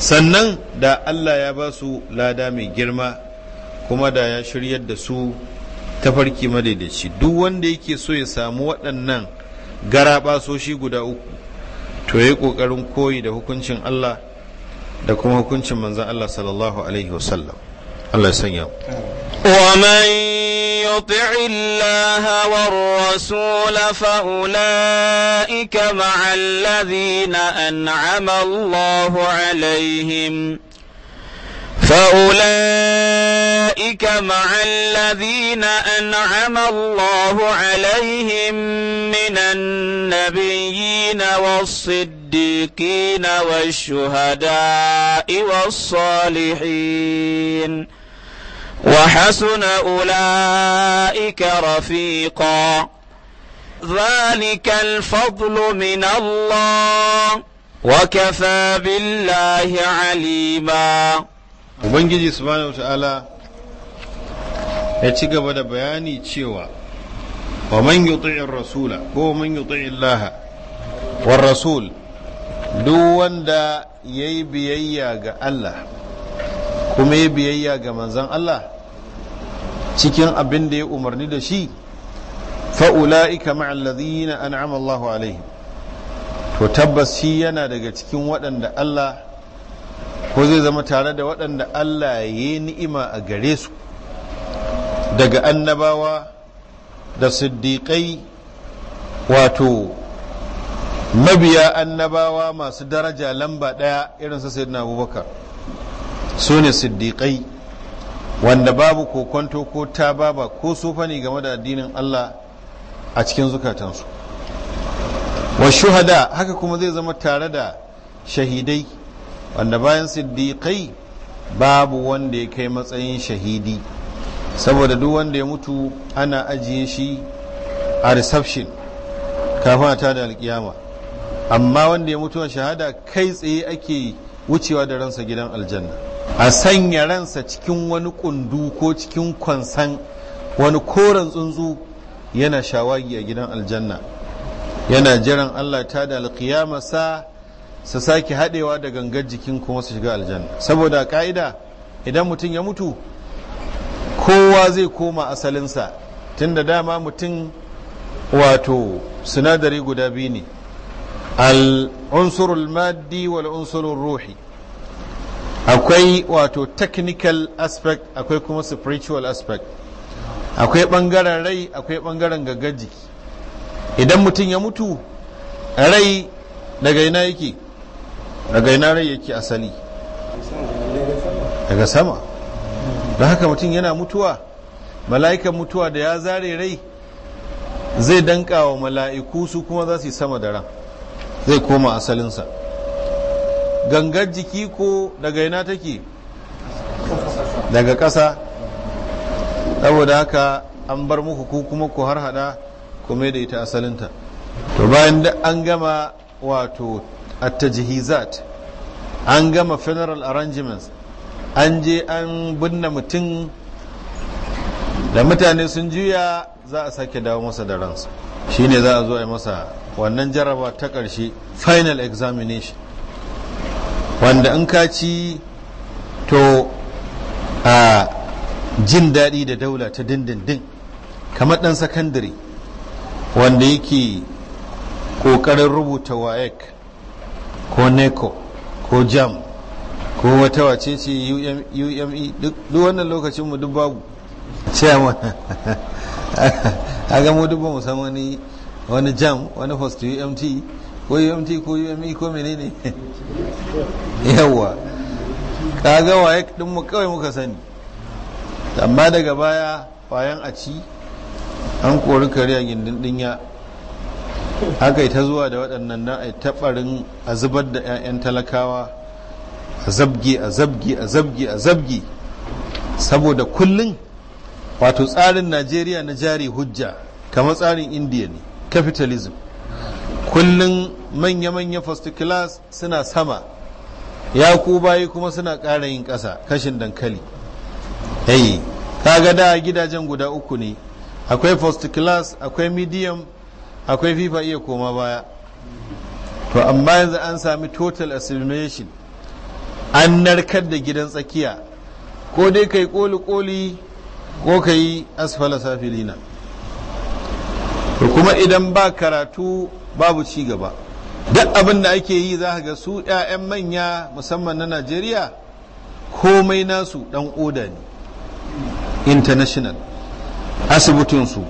sannan da Allah ya ba su lada mai girma kuma da ya shiryar da su tafarki madaidaici duk wanda yake so ya samu waɗannan garaba shi guda uku to yi ƙoƙarin koyi da hukuncin Allah da kuma hukuncin manzan Allah sallallahu alaihi wasallam Allah ya sanya ومن يطع الله والرسول فأولئك مع الذين أنعم الله عليهم فأولئك مع الذين أنعم الله عليهم من النبيين والصديقين والشهداء والصالحين وحسن أولئك رفيقا ذلك الفضل من الله وكفى بالله عليما ubangiji subhanahu wa ta'ala ya ci gaba da bayani cewa wa man yuti'ir rasula ko man yuti'ir laha war rasul duk wanda yayi biyayya ga Allah kuma yayi biyayya ga manzon Allah cikin abin da ya umarni da shi fa fa'ula'ika ma'allazina an'ama Allahu alaihim to tabbas shi yana daga cikin waɗanda Allah ko zai zama tare da waɗanda Allah ya yi ni'ima a gare su daga annabawa da siddiƙai wato mabiya annabawa masu daraja lamba ɗaya irin irinsu sai abubakar su ne siddiƙai wanda babu kokonto ko ta baba ko ne game da addinin Allah a cikin zukatansu wa shuhada haka kuma zai zama tare da shahidai wanda bayan siddiƙai babu wanda ya kai matsayin shahidi saboda duk wanda ya mutu ana ajiye shi a reception kafin a tada alkiyama amma wanda ya mutu a shahada kai tsaye ake wucewa da ransa gidan aljanna a sanya ransa cikin wani kundu ko cikin kwansan wani koren tsuntsu yana shawagi a gidan aljanna yana jiran allah ta da alkiyamasa su sake haɗewa da gangar jikin kuma su shiga aljanna saboda ƙa'ida, idan mutum ya mutu kowa zai koma asalinsa tunda dama mutum wato sinadari guda biyu ne al'unsurul maddi wal unsurul ruhi akwai wato technical aspect akwai kuma spiritual aspect akwai ɓangaren rai akwai ɓangaren gaggar jiki idan mutum ya mutu rai daga ina yake daga ina rai yake asali daga sama da haka mutum yana mutuwa mala'ikan mutuwa da ya zare rai zai danka wa mala'iku su kuma za su yi sama da ran zai koma asalinsa gangar jiki ko daga ina take daga ƙasa saboda haka an bar muku ku kuma ku har hada kuma da ita asalinta to bayan da an gama wato at an gama funeral arrangements an je an binne mutum da mutane sun juya za a sake dawo masa da ransa shine za a zo a yi masa wannan jaraba ta ƙarshe final examination wanda in ka ci to a jin daɗi da daula ta dindindin kamar ɗan sakandare wanda yake ƙoƙarin rubuta waec ko neco ko jam ko wata wace ce ume duk wannan lokacin mu duk babu sai a ga mu duk ba mu san wani wani jam wani host umt ko umt ko ume ko menene [laughs] yawa kaga waye din mu kawai muka sani amma daga baya bayan a ci an kori kariya gindin dinya aka yi ta zuwa da waɗannan na a taɓarin a zubar da 'ya'yan talakawa a zabgi a zabgi a zabgi a zabgi saboda kullum wato tsarin najeriya na jari hujja kamar tsarin indiya ne capitalism kullum manya-manya first class suna sama ya ku bayi kuma suna ƙara yin ƙasa kashin dankali hey, kaga da gidajen guda uku ne akwai first class akwai medium akwai fifa iya koma baya to amma yanzu an sami total assimilation an narkar da gidan tsakiya ko dai kai koli koli ko ka yi asfala safilina to kuma idan ba karatu babu ci gaba duk abin da ake yi za ga su 'ya'yan manya musamman na najeriya komai nasu dan oda ne international asibitinsu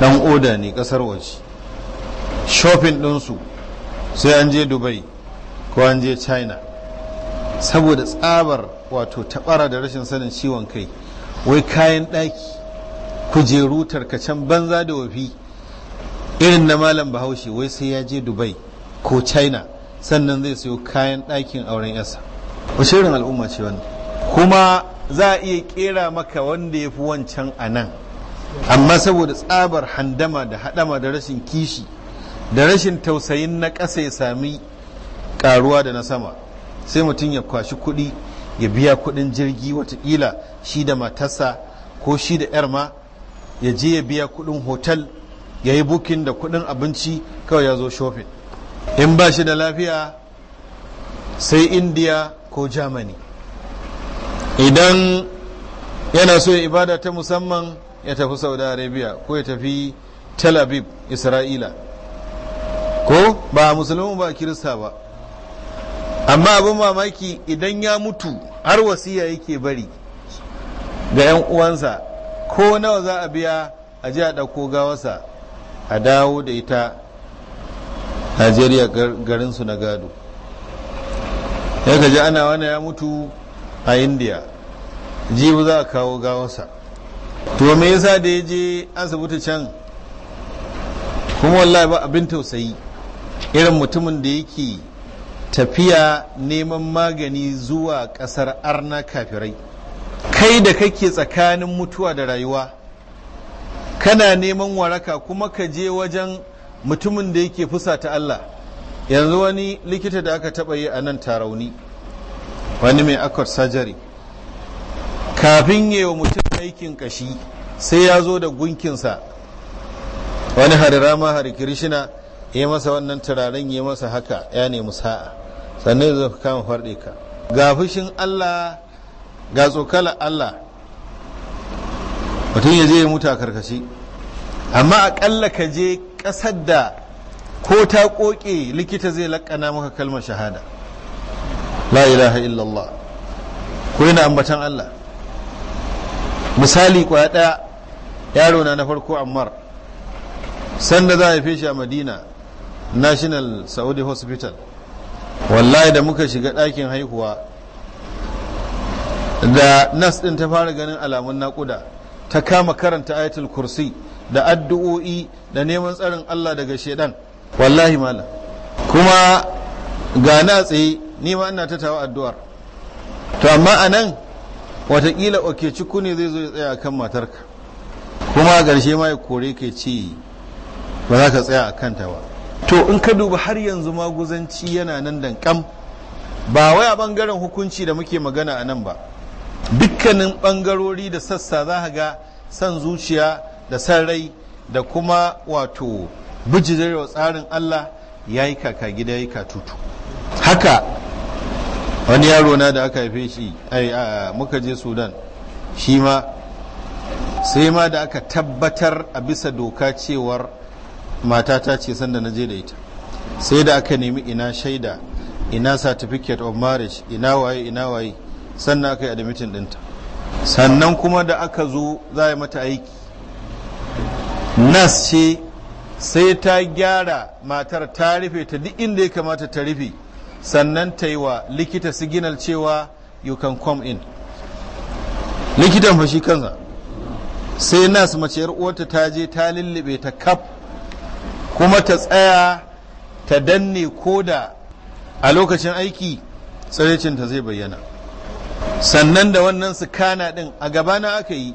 dan oda ne kasar waje shopping ɗinsu sai an je dubai ko an je china saboda tsabar wato tabara da rashin sanin ciwon kai wai kayan ɗaki kujeru tarkacen banza da wafi irin na malam bahaushe wai sai ya je dubai ko china sannan zai sayo kayan ɗakin auren yasa wace irin al'umma ce wanda kuma za a iya kera maka wanda ya fi wancan a nan amma saboda tsabar handama da haɗama da rashin kishi da rashin tausayin na ƙasa ya sami ƙaruwa da na sama sai mutum ya kwashi kuɗi ya biya kuɗin jirgi watakila shi da matarsa ko shi da 'yar ma ya je ya biya kuɗin hotel ya yi bukin da kuɗin abinci kawai ya zo shopping in ba shi da lafiya sai indiya ko jamani. idan yana so ya ibada ta musamman ya tafi saudi arabia ko ya tafi tel aviv isra'ila ko ba musulmi ba kirista ba amma abin mamaki idan ya mutu har wasiya yake bari ga 'yan uwansa ko nawa za a biya a ji a ɗauko gawarsa a dawo da ita najeriya garinsu na gado ya ji ana wani ya mutu a india jibu za a kawo gawarsa to me yasa da ya je asibiti can kuma wallahi ba abin tausayi irin mutumin da yake tafiya neman magani zuwa kasar arna kafirai kai da kake tsakanin mutuwa da rayuwa kana neman waraka kuma ka je wajen mutumin da yake fusa ta Allah yanzu wani likita da aka taɓa yi a nan tarauni wani mai akwai sajari kafin yi wa mutum aikin kashi sai ya zo da gunkinsa wani harirama hari kirishina ya masa wannan turaren ya masa haka ya nemi sa'a sannan zai kama farɗe ka ga fushin allah ga tsokala allah mutum ya je ya mutu a karkashi amma aƙalla ka je ƙasar da ko ta ƙoƙe likita zai laƙana maka kalmar shahada la ilaha illallah ko yana ambatan allah misali kwaya ɗaya yaro na na farko ammar sanda za a haife shi a madina national saudi hospital wallahi da muka shiga ɗakin haihuwa da nas ɗin ta fara ganin alamun naƙuda ta kama karanta ayatul kursi da addu'o'i da neman tsarin Allah daga shaidan wallahi malam kuma ga na tsaye ni ma ina ta tawa addu'ar to amma a nan. watakila oke ciku ne zai zo ya tsaya kan matarka kuma a ƙarshe ma ya kore ka ce ba za ka tsaya a kanta ba to in ka duba har yanzu maguzanci yana nan dankam ba wai a bangaren hukunci da muke magana a nan ba dukkanin bangarori da sassa za ga san zuciya da san rai da kuma wato bijirewa tsarin Allah ya yi kaka gida ya yi katutu haka wani yaro na da aka haife shi ai muka je sudan shi ma sai ma da aka tabbatar a bisa doka cewar matata ce sanda na je da ita sai da aka nemi ina shaida ina certificate of marriage ina waye ina waye sannan aka yi admitting dinta sannan kuma da aka zo za a mata aiki nas ce sai ta gyara matar ta rufe ta duk inda ya kamata ta rufe sannan ta yi wa likita signal cewa you can come in likitan fashi kansa sai nas mace uwarta ta je ta lullube ta kaf kuma ta tsaya ta danne ko da. a lokacin aiki tsaricinta zai bayyana sannan da wannan su kana din a gabana aka yi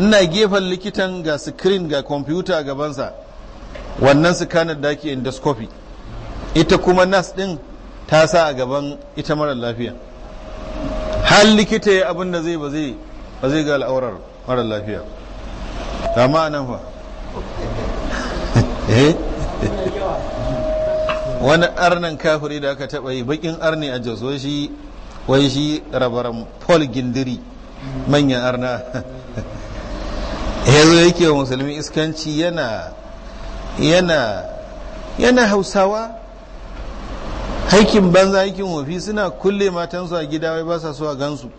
ina gefen likitan ga screen ga kwamfuta a gabansa wannan su sikanar da ake endoscopy ita kuma nas din ta sa a gaban ita mara lafiya hal likita ya abin da zai ba zai ga al'aurar mara lafiya amma nan fa [laughs] eh? wani arnan kafiri da aka taba yi bakin arni a jos shi wai shi rabaran paul gindiri manyan arna [laughs] ya zo yake wa musulmi iskanci yana yana yana hausawa haikin banza haikin wafi suna kulle matansu a gida wai ba sa so a gansu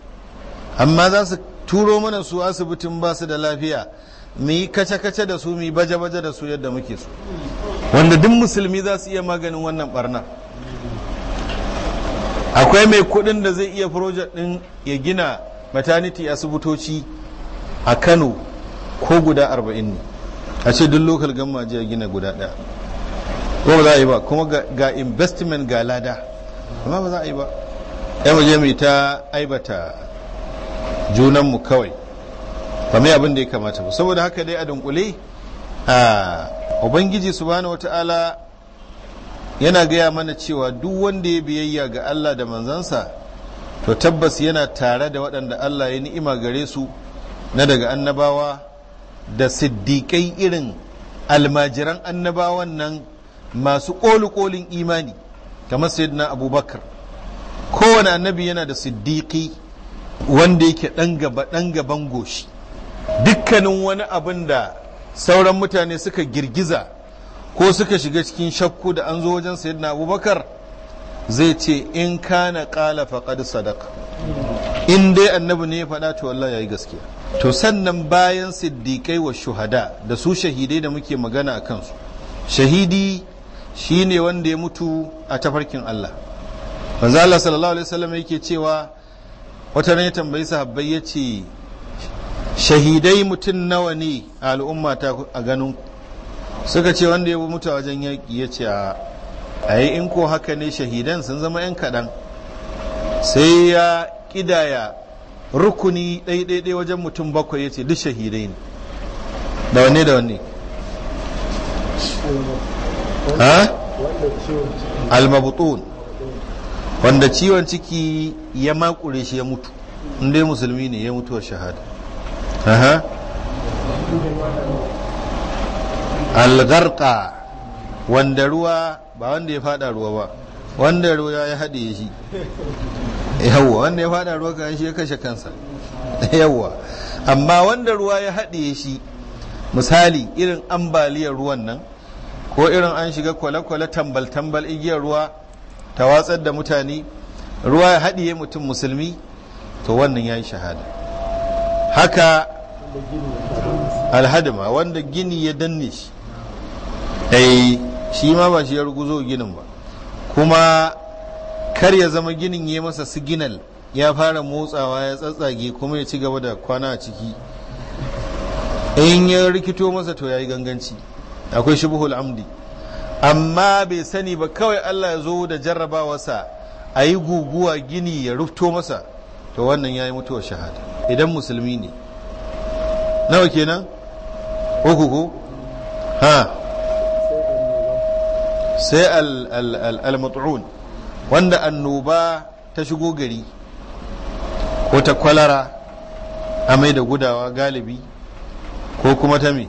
amma za su turo mana su asibitin ba su da lafiya mu yi kace-kace da su mu yi baje-baje da su yadda muke su wanda duk musulmi za su iya maganin wannan barna akwai mai kudin da zai iya project din ya gina maternity asibitoci a kano ko guda 40 ne a ce duk lokal gamma ya gina guda daya ko ba za a yi ba kuma ga investment ga lada amma ba za a yi ba ya mu mai ta aibata junanmu kawai ba mai abin da ya kamata ba saboda haka dai a dunkule a ubangiji wata wata'ala yana gaya mana cewa duk wanda ya biyayya ga Allah da manzansa to tabbas yana tare da waɗanda Allah ya ni'ima gare su na daga annabawa da siddiƙai irin almajiran annabawan nan masu ƙoli-ƙolin imani kamar sayyidina abubakar kowane annabi yana da siddiƙi wanda yake ɗan gaba ɗan gaban goshi dukkanin wani abin da sauran mutane suka girgiza ko suka shiga cikin shakku da an zo wajen sayyidina abubakar zai ce in kana ƙala faƙad sadaka in dai annabi ne ya faɗa to Allah ya yi gaskiya to sannan bayan siddiƙai wa shuhada da su shahidai da muke magana a kansu shahidi shi ne wanda ya mutu a tafarkin Allah manzo Allah sallallahu alaihi wasallam yake cewa wata ne tambayi sahabbai ya ce shahidai mutum nawa ne a al'umma ta a ganin suka ce wanda ya mutu a wajen yaƙi ya ce a yi in ko haka ne shahidan sun zama 'yan kaɗan sai ya ƙidaya rukuni ɗaiɗaiɗai wajen mutum bakwai ya ce duk shahidai ne da wanne da wanne ha almabutun wanda ciwon ciki ya makure shi ya mutu inda musulmi ne ya mutuwar shahada aha algarka wanda ruwa ba wanda ya fada ruwa ba wanda ruwa ya haɗe shi yawwa wanda ya fada ruwa kan shi ya kashe kansa yawwa amma wanda ruwa ya haɗe shi misali irin ambaliyar ruwan nan ko irin an shiga kwale-kwale tambal-tambal igiyar ruwa ta watsar da mutane ruwa ya haɗiye mutum musulmi to wannan ya yi shahada haka alhadima wanda gini ya danne shi ai eh, shi ma ba shi ya ruguzo ginin ba kuma kar ya zama ginin ya masa siginal ya fara motsawa ya tsatsage kuma ya ci gaba da kwana a ciki in ya rikito masa to ya yi ganganci akwai shubuhul amdi amma bai sani ba kawai Allah ya zo da jarrabawarsa a yi guguwa gini ya rufto masa to wannan ya yi mutuwar shahada idan musulmi ne nawa kenan nan? ko ha sai al-mat'un wanda annoba ta shigo gari ko ta kwalara amai da gudawa galibi ko kuma ta me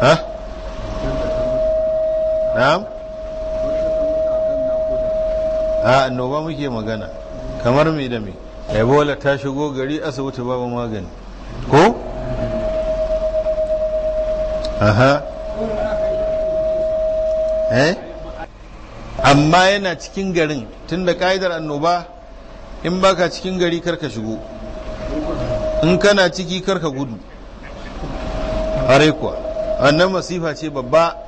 ha na'am a annoba muke magana kamar mai da mai. ebola ta shigo gari asibiti babu magani ko aha eh amma yana cikin garin tunda ka'idar annoba in baka cikin gari karka shigo in kana ciki karka gudu hare kuwa masifa ce babba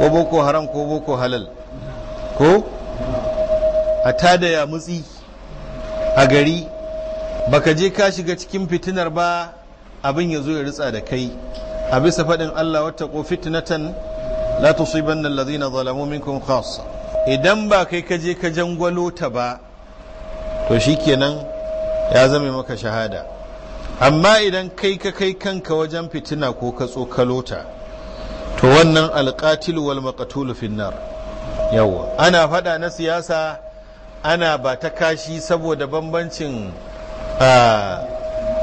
ko boko haram ko boko halal ko a tada ya mutsi a gari baka je ka shiga cikin fitinar ba abin ya zo ya ritsa da kai a bisa faɗin Allah wata ko fitnatan la tusibanna allazina zalamu minkum khassa idan ba kai ka je ka jangwalo ta ba to shikenan ya zame maka shahada amma idan kai ka kai kanka wajen fitina ko ka tsokalo ta to wannan alƙatil wal maqtul finnar yawa ana fada na siyasa ana ba ta kashi saboda bambancin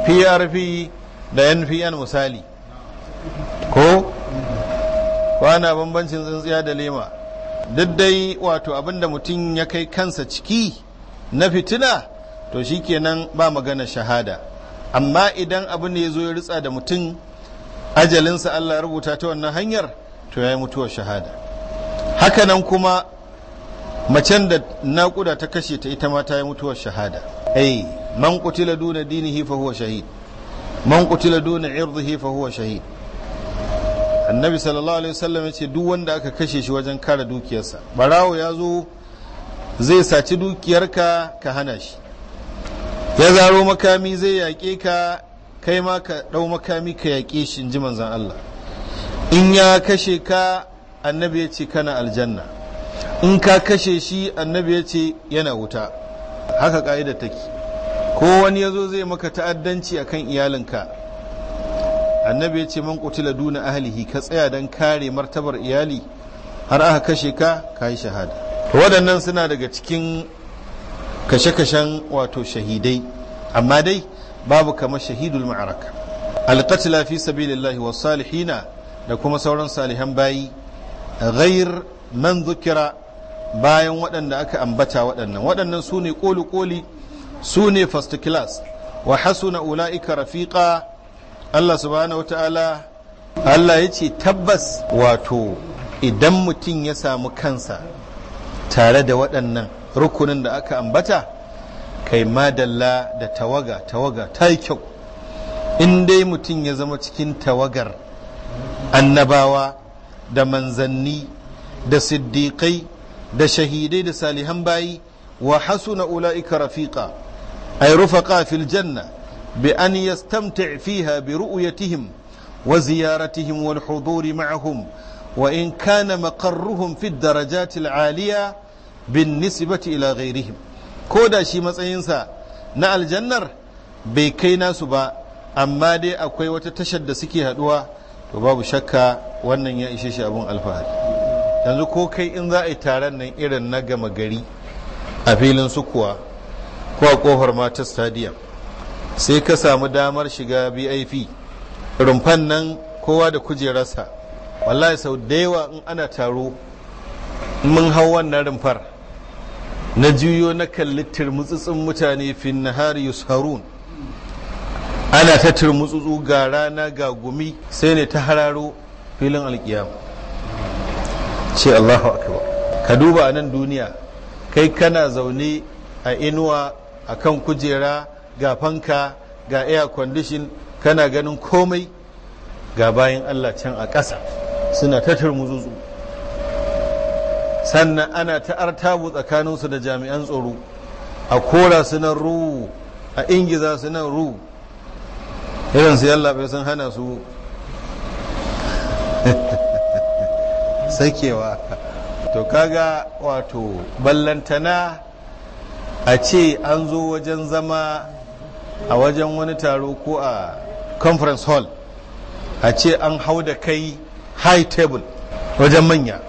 PRP da NPN misali ko Ba na bambancin tsintsiya da lema duk dai wato abinda mutum ya kai kansa ciki na fitina to shi shikenan ba magana shahada amma idan abin da ya zo ya ritsa da mutum ajalinsa Allah rubuta ta wannan hanyar to ya yi mutuwar shahada hakanan kuma macen da naƙuda ta kashe ta ita ma ta yi mutuwar shahada ai man qutila duna dinihi fa huwa shahid man qutila duna irdihi fa huwa shahid annabi sallallahu alaihi wasallam ya ce duk wanda aka kashe shi wajen kare dukiyarsa barawo ya zo zai saci dukiyarka ka hana shi ya zaro makami zai yaƙe ka kai ma ka ɗau makami ka yaƙe shi in ji manzan Allah in ya kashe ka annabi ya ce kana aljanna in ka kashe shi annabi ya ce yana wuta haka kaida take ko wani ya zo zai maka ta'addanci a kan iyalinka annabi ya ce man kutila duna ahlihi ka tsaya don kare martabar iyali har aka kashe ka ka yi shahada waɗannan suna daga cikin kashe-kashen wato shahidai amma dai babu kamar shahidul ma'araka alqatla fi sabilillahi was salihina da kuma sauran salihan bayi ghair man zukira bayan waɗanda aka ambata waɗannan waɗannan su ne koli-koli su ne first class wa hasuna ula'ika rafiqa Allah subhanahu Ta'ala. Allah ya ce tabbas wato idan mutum ya samu kansa tare da waɗannan rukunin da aka ambata kai madalla da tawaga tawaga ta yi kyau in dai mutum ya zama cikin tawagar annabawa da manzanni da siddiƙai da shahidai da salihan bayi wa hasuna ula'ika rafiqa ay rufaqa fil janna bi an yastamti' fiha bi ru'yatihim wa ziyaratihim wal huduri ma'ahum wa in kana maqarruhum fi darajati al 'aliya bin nisbati ila ghayrihim ko da shi matsayinsa na aljannar bai kai nasu ba amma dai akwai wata tashar da suke haduwa to babu shakka wannan ya ishe shi abun alfahari yanzu ko kai in za a yi taron nan irin na gama gari a filin sukuwa ko a kofar mata stadium sai ka samu damar shiga bip rumfan nan kowa da kujerarsa wallahi sau da yawa in ana taro mun hau wannan rumfar na juyo na kalli turmutsutsun mutane fin nahari yusharun ana ta turmutsutsu ga rana ga gumi sai ne ta hararo filin alkiyam ce Allahu akbar ka duba a nan duniya kai kana zaune a inuwa a kan kujera ga fanka ga air condition kana ganin komai ga bayan Allah can a ƙasa suna ta turmutsutsu sannan ana ta tsakaninsu da jami'an tsoro, a kora su nan ruwu a ingiza su nan ruwu irin su yalla bai sun hana su [laughs] sakewa to kaga wato ballantana a ce an zo wajen zama a wajen wani taro ko a conference hall a ce an hau da kai high table wajen manya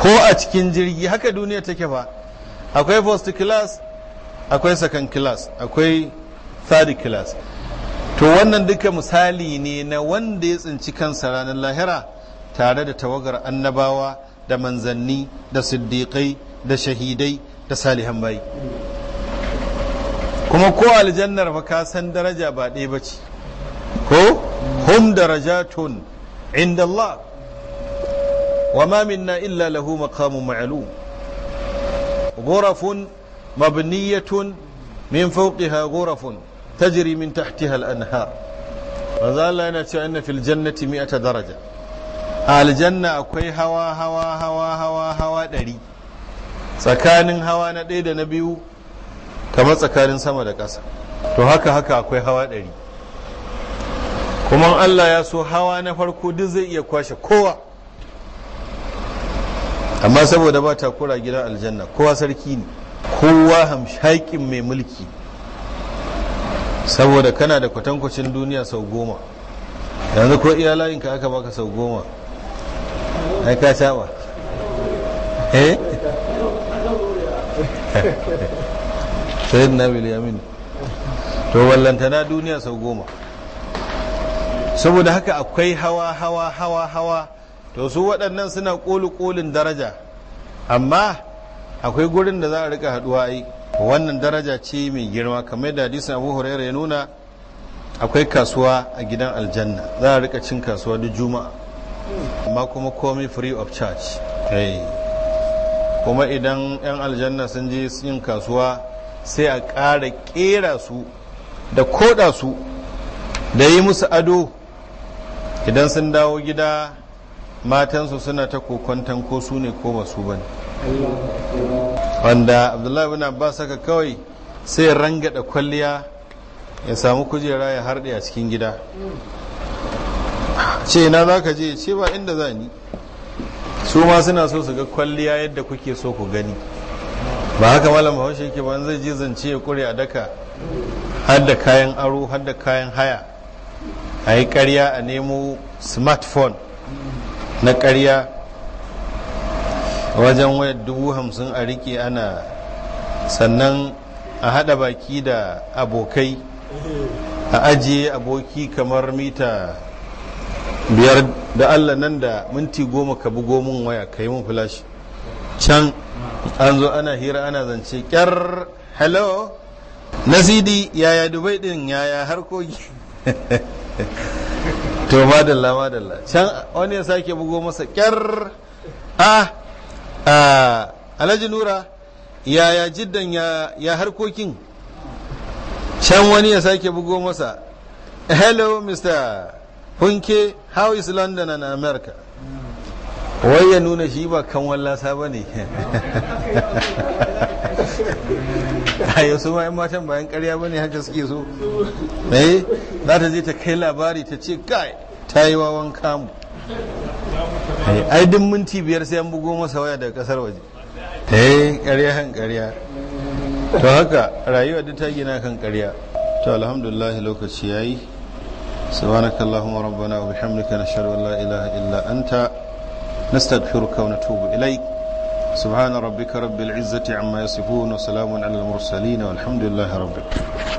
ko a cikin jirgi haka duniya take ba akwai first class akwai second class akwai third class to wannan duka misali ne na wanda ya tsinci kansa ranar lahira tare da tawagar annabawa da manzanni da siddiƙai da shahidai da salihan bayi kuma ko aljannar fa ka san daraja ba ɗaya ba ce ko hum darajatun inda Allah وما منا إلا له مقام معلوم غرف مبنية من فوقها غرف تجري من تحتها الأنهار cewa ina أن في الجنة مئة درجة الجنة أكوي هوا هوا هوا هوا هوا دري tsakanin hawa na ɗaya da na biyu kamar tsakanin sama da ƙasa to haka haka akwai hawa ɗari kuma Allah ya so hawa na farko duk zai iya kwashe kowa amma saboda ba ta kura gidan aljanna kowa sarki ne kowa hamshakin mai mulki saboda kana da kwatankwacin duniya sau goma yanzu ko iya layinka aka baka sau goma ai ka saba eh? [laughs] sai na biliyamin to wallantana duniya sau goma saboda haka akwai hawa hawa hawa hawa to su waɗannan suna ƙoli-ƙolin daraja amma akwai gurin da za a rika haɗuwa ai wannan daraja ce mai girma kamar da hadisin abu huraira ya nuna akwai kasuwa a gidan aljanna za a rika cin kasuwa duk juma'a amma kuma komai free of charge eh. kuma idan 'yan aljanna sun je yin kasuwa sai a ƙara ƙera su da koda su da yi musu ado idan sun dawo gida matansu suna ta kokwantan ko su ne ko ba su ba wanda abdullahi bin abbas saka kawai sai rangada kwalliya ya samu kujera ya harɗe a cikin gida ce na za ka je ce ba inda za ni su ma suna so su ga kwalliya yadda kuke so ku gani ba haka malam haushe yake ba zai je zance ya kure a daka har kayan aro har kayan haya a yi karya a nemo smartphone na karya wajen waya dubu hamsin a rike ana sannan a haɗa baki da abokai a ajiye aboki kamar mita biyar da allah nan da minti goma ka bugo min waya ka yi min flash can an zo ana hira ana zance kyar hello na cd yaya dubai din yaya harkoki [laughs] to madalla madalla can wani ya sake bugo masa kyar a alhaji nura yaya jiddan ya harkokin can wani ya sake bugo masa hello mr hunke how is london and america wai ya nuna shi ba kan wallasa ba ne a yau su ma'in matan bayan karya ba ne haka suke so eh za ta je ta kai labari ta ce kai ta yi wawan kamu eh, ai duk minti biyar sai an bugo masa waya daga kasar waje ta eh, yi karya kan karya to haka rayuwa duk ta gina kan karya to alhamdulillah lokaci ya yayi subhanakallahumma rabbana wa bihamdika nashhadu an la ilaha illa anta نستغفرك ونتوب إليك سبحان ربك رب العزة عما يصفون وسلام على المرسلين والحمد لله رب العالمين